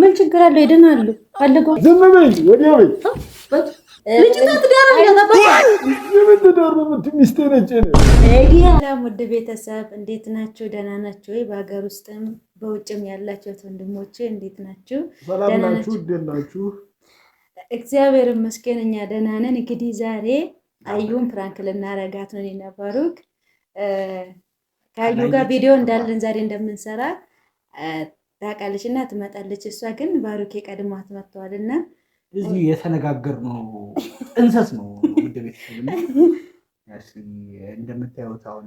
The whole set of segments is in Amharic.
ምን ችግር አለው? ይደናሉ። አለገው ዝም በይ ወዲያ በይ። ሰላም ውድ ቤተሰብ እንዴት ናችሁ? ደህና ናችሁ ወይ? በሀገር ውስጥም በውጭም ያላችሁት ወንድሞቼ እንዴት ናችሁ? እግዚአብሔር ይመስገን እኛ ደህና ነን። እንግዲህ ዛሬ አዩን ፕራንክ ልናረጋት ነው እኔና ከአዩ ጋር ቪዲዮ እንዳለን ዛሬ እንደምንሰራ ታውቃለች እና ትመጣለች። እሷ ግን ባሩኬ ቀድሟት መጥተዋል እና እዚህ የተነጋገርነው እንሰት ነው። ውድ ቤተሰብ እንደምታዩት አሁን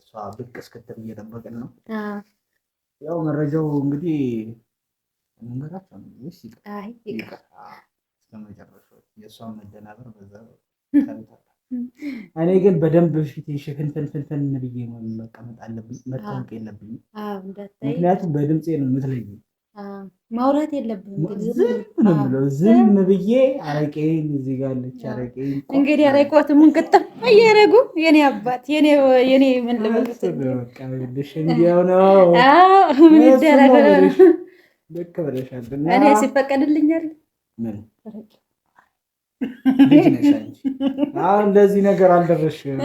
እሷ ብቅ እስክትል እየጠበቅን ነው። ያው መረጃው እንግዲህ መንገዳቸው እስከመጨረሻ የእሷን መደናበር በዛ እኔ ግን በደንብ ፊት ሽፍንፍንፍንፍን ብዬ ነው መቀመጥ አለብኝ፣ መጠንቅ የለብኝም። ምክንያቱም በድምፄ ነው የምትለኝ። ማውራት የለብህም፣ ዝም ብዬ አረቄን እዚህ ጋር አለች። አረቄን እንግዲህ አረቆት ምን ቅጥፍ እያደረጉ የኔ አባት የኔ ምን ልበልሽ፣ እንዲያው ነው ምን ይደረግ። ልክ ብለሻል። እኔ ሲፈቀድልኛል ምን እንደዚህ ነገር አልደረስሽም።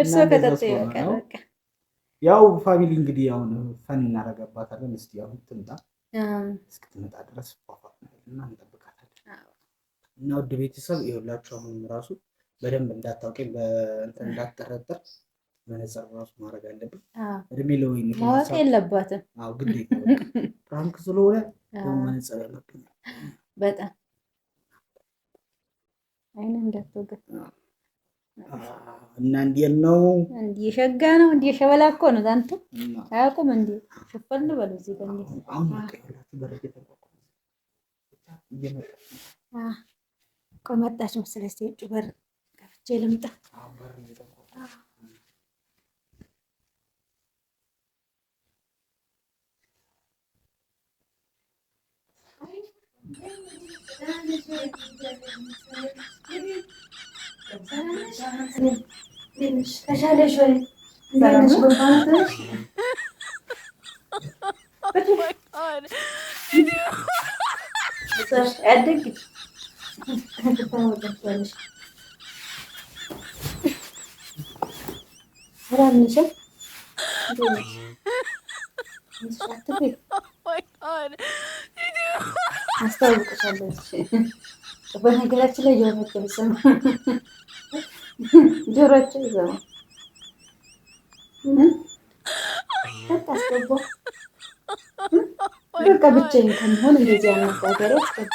እርስዎ ከጠጡ ይበቃል። ያው ፋሚሊ እንግዲህ አሁን ፈን እናደርግባታለን። እስኪ አሁን ትምጣ፣ እስክትመጣ ድረስ እና እንጠብቃታለን። እና ውድ ቤተሰብ ይኸውላችሁ አሁንም ራሱ በደንብ እንዳታውቀኝ በእንትን እንዳትጠረጠር መነጽር ራሱ ማድረግ አለብን። እድሜ ለወይን ማወቅ የለባትም። ግዴታ ፕራንክ ስለሆነ መነጽር ያለብን በጣም እና እንዴት ነው? እንዴ ሸጋ ነው እንዴ ሸበላ እኮ ነው። ዛንተ አያውቁም እንዴ ሽፈን በሉ እዚህ ጋር ቆመጣች መሰለኝ። እስኪ በር ከፍቼ ልምጣ። Wahrscheinlich schon. Seine Verwandte. Bitte. Oh mein Gott. Mesaj elde git. Buranın için. Şartı bir. Hasta olduk sen de. Bana gerekçiyle görmek demişim. ጆሮችን ይዘው አስገባ። በቃ ብቻዬን ከመሆን እንደዚህ አነጋገሪያ አስገባ፣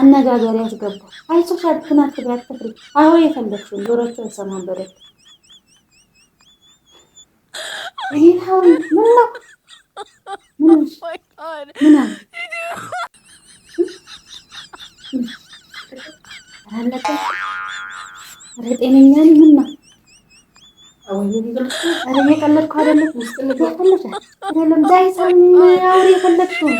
አነጋገሪያ አስገባ። አይዞሽ አትፍሪ፣ አትፍሪ። አዎ የፈለግሽውን ጆሮችን አይሰማም በደል ምን oh አለቀ። ኧረ ጤነኛ ነኝ። ምነው ኧረ እየቀለድኩ አይደለም። አይደለም ዳይሰን አውሪ የፈለግሽው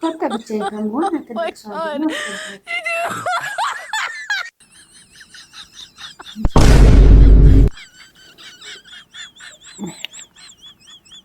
በቃ ብቻዬን ከመሆን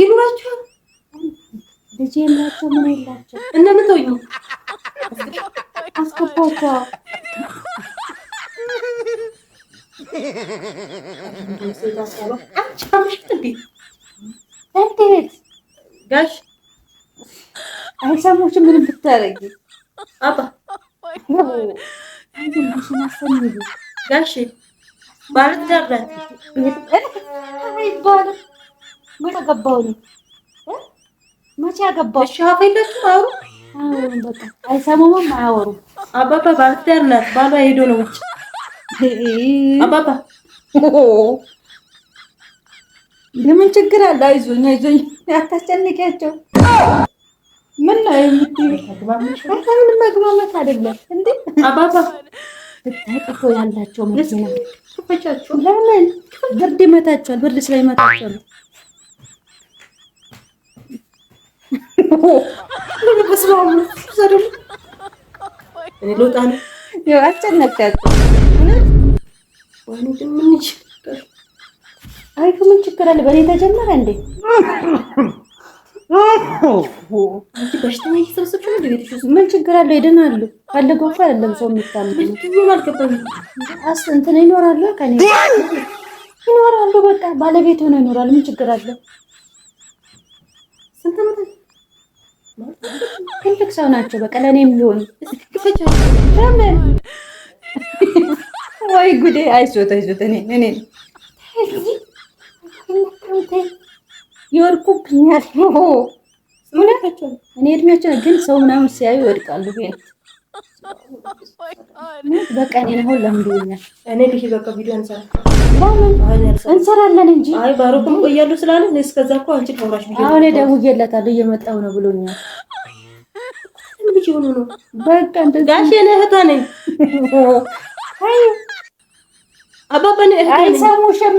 ይኑራቸው። ልጅ የላቸው ምን የላቸው እና ምን እንዴት ጋሽ አይሰሙሽ? ምን ብታረጊ አባ ጋሽ ባለትዳር ናት። መቼ አገባሁ እኔ መቼ አገባሁ? እሺ አፈለኩም አውሩ በቃ አይሰሙም፣ አያወሩም። አባባ ባህርዳር ናት። ባሏ ሄዶ ነው ውጭ። አባባ ለምን ችግር አለ? አይዞኝ አይዞኝ፣ አታስጨንቂያቸው። ምን ነው የምትይው? መግባመት አይደለም እንዴ አባባ ታጥፎ ያላቸው መኪና ለምን ብርድ ይመታቸዋል? ብርድ ስለይመታቸው ነው አይ ምን ችግር አለ? በእኔ ተጀመረ እንዴ? ምን ችግር አለው? ይድናሉ። ፈልገው እኮ አይደለም ሰው የሚታምስ እንትን ይኖራሉ፣ ይኖራሉ። በቃ ባለቤት ሆነ ይኖራል። ምን ችግር አለው? ትልቅ ሰው ናቸው። በቃ ለእኔ የሚሆኑ ለምን ወይ ጉዴ! አይዞት አይዞት። እኔ እኔ ይወድቁብኛል። እኔ እድሜያቸው ግን ሰው ምናምን ሲያዩ ይወድቃሉ። በቃ እኔን አሁን ለምዶኛል። እኔ ልሂድ በቃ ቪዲዮ እንሰራለን እንጂ አይ ባሮክም እቆያለሁ ስላለ እስከዛ እኮ አንቺ ታውራሽ ብዬሽ አሁን ደውዬላታለሁ እየመጣሁ ነው ብሎኛል። ልጅ ሆኖ ነው በቃ እንደዚህ ጋሽ እኔ እህቷ ነኝ። አይ አባባ ነኝ። አይሰሙሽም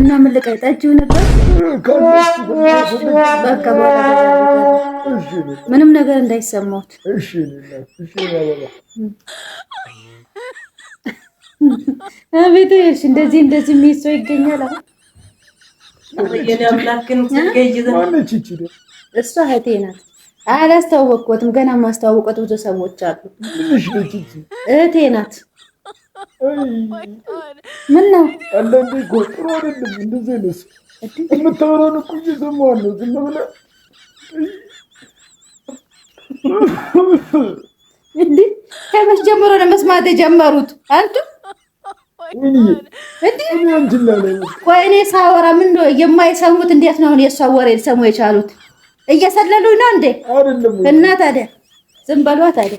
እና ምን ልቀይ? ጠጪው ነበር ምንም ነገር እንዳይሰማት። አቤት እሺ፣ እንደዚህ እንደዚህ የሚሄድ ሰው ይገኛል። እሷ እህቴ ናት። አላስተዋወቅኩትም ገና ማስተዋወቁት ብዙ ሰዎች አሉ። እህቴ ናት። Oh ምን ነው አንዳንዴ እኮ ጥሩ አይደለም እንደዚህ አይነት የምታወራውን እኮ እየሰማሁህ ነው። ዝም ብለህ እንደ ከመች ጀምሮ ነው መስማት የጀመሩት? አንቱ oh ቆይ እኔ ሳወራ ምን የማይሰሙት እንዴት ነው የእሷ ወሬ ሊሰሙ የቻሉት? እየሰለሉኝ ነው እንዴ? እና ታዲያ ዝም በሏ ታዲያ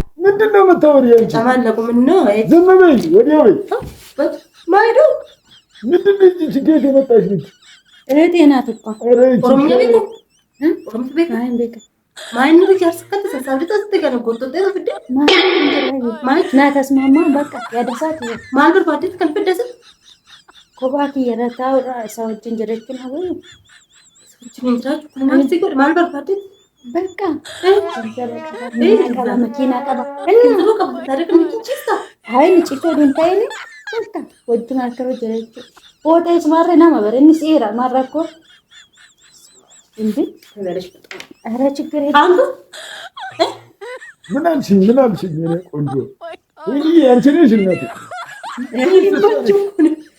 ምንድን ነው የምታወሪ? አንቺ ዝም በይ፣ ወዲያ በይ። ምንድን ነው እዚህ ችግር የመጣሽ ልጅ? እህቴ ናት እኮ ተስማማ። በቃ ያደሳት የረታው ሰዎችን ጀረችን ሰዎችን ጀረችን ማልበር በቃ መኪና ቀባ አይን ጭቶ ዱንታይን በቃ ወጅ ማከሮ ምን አልሽኝ? ምን አልሽኝ? ቆንጆ ነሽ እናቴ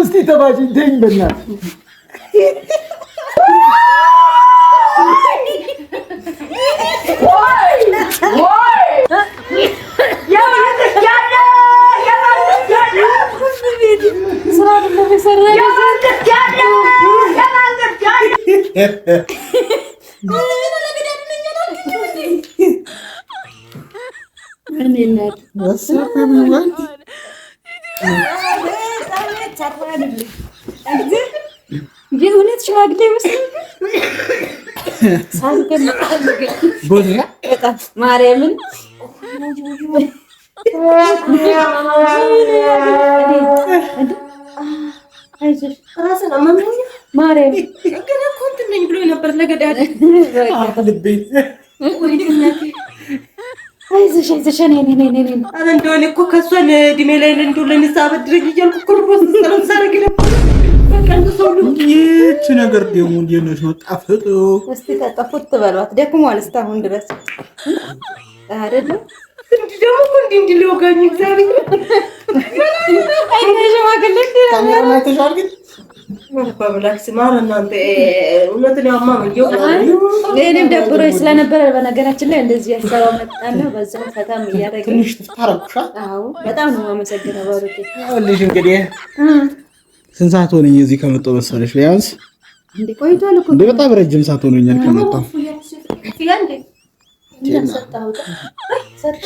እስቲ ተባጅኝ በእናት እኔ እናት አይደለም እውነት ሽማግሌ ይመስላል። ማርያምን ማርያም ግን እኮ እንትን ነኝ ብሎ የነበረ ነገ ልቤ አይዞሽ አይዞሽ እኔ እኔ እኔ እኔ አረ እንደው እኔ እኮ ከእሷ ለእድሜ ላይ እንደው ለንስሓ አበድረኝ እያልኩ እኮ ድሮስ ሳረግ ይህች ነገር ደግሞ እንዴት ነሽ ነው እስቲ ተጠፉት ትበሏት። ደክሟል እስካሁን ድረስ አይደለም እንዲህ ደግሞ እኮ እንዲህ እንዲህ ሊወጋኝ እግዚአብሔር ደብሮ ስለነበረ በነገራችን ላይ እንደዚህ ያሰራው መጣለሁ። በዛው ፈታም እያደረገ ትንሽ በጣም ነው ስንት ሰዓት ሆነኝ እዚህ ከመጣሁ መሰለሽ? ቢያንስ በጣም ረጅም ሰዓት ሆኖኛል ከመጣሁ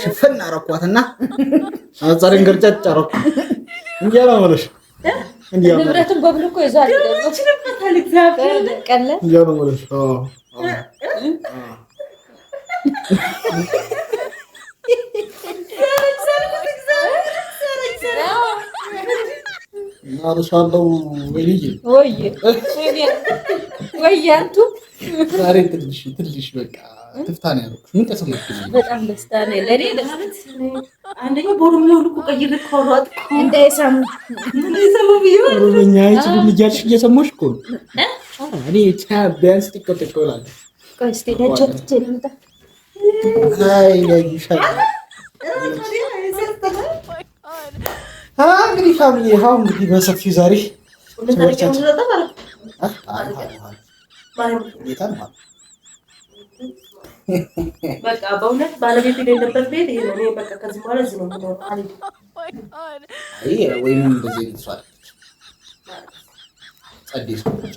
ሽፈን አረኳት እና አጻሪን አረኩ። እንዲያላ ማለት ንብረቱን በብሉ እኮ ይዟል። ናርሻለው ወይዬ ወይዬ ወይዬ አንቱ ዛሬ ትንሽ ትንሽ በቃ አትፍታ ነው ያልኩሽ። ምን ቀስም ነው? በጣም ደስታ ነው ለኔ። አንደኛ በኦሮምኛ ሁሉ ቀይር ኮሯጥ እንዳይሰሙ እንዳይሰሙ ብዬሽ ኦሮምኛ አይችልም እያልሽ እየሰማሽ እኮ ነው። እኔ ቢያንስ ጥቀው ጥቀው እላለሁ። ቆይ እስኪ ደጅ ወጥቼ ልምጣ። አይ ያይሻል እንግዲህ ፋሚሊ ይኸው እንግዲህ በሰፊው ዛሬ በቃ በእውነት ባለቤት የሌለበት ቤት ይሄ በቃ ከዚህ በኋላ እዚህ ነው ነው ወይም እንደዚህ ልሷል ጸዴ ሰዎች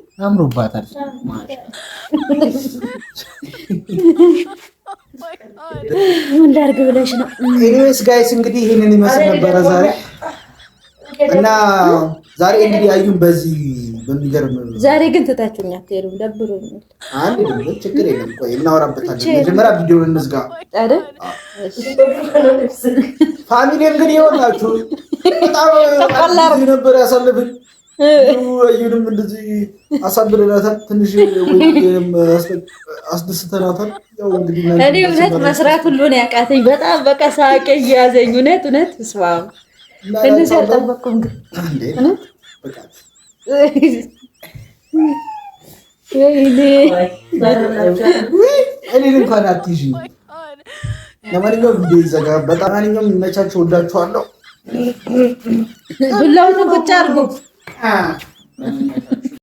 አምሮባታል። ምን ላድርግ ብለሽ ነው? ኤኒዌይስ ጋይስ እንግዲህ ይህንን ይመስል ነበረ ዛሬ እና ዛሬ እንግዲህ አዩን በዚህ በሚገርም ዛሬ ግን ትታችሁኝ አትሄዱም። ደብሮኛል። አንድ ድምፅ ችግር የለም። ቆይ እናወራበታለን። መጀመሪያ ቪዲዮን እንዝጋ አይደል? ፋሚሊ እንግዲህ ይሆናችሁ በጣም ነበረ ያሳልፍን አዩንም እንደዚህ አሳብረናታል። ትንሽ አስደስተናታል። እኔ እውነት መስራት ሁሉ ነው ያቃተኝ። በጣም በቃ ሳቄ እያያዘኝ እውነት እውነት ስማ እንደዚህ አልጠበኩም ግን እኔን እንኳን አትይዥ። ለማንኛውም እንደ ዘጋ በጣም ማንኛውም ይመቻችሁ። ወዳችኋለሁ። ዱላውን ቁጭ አድርጎ 啊。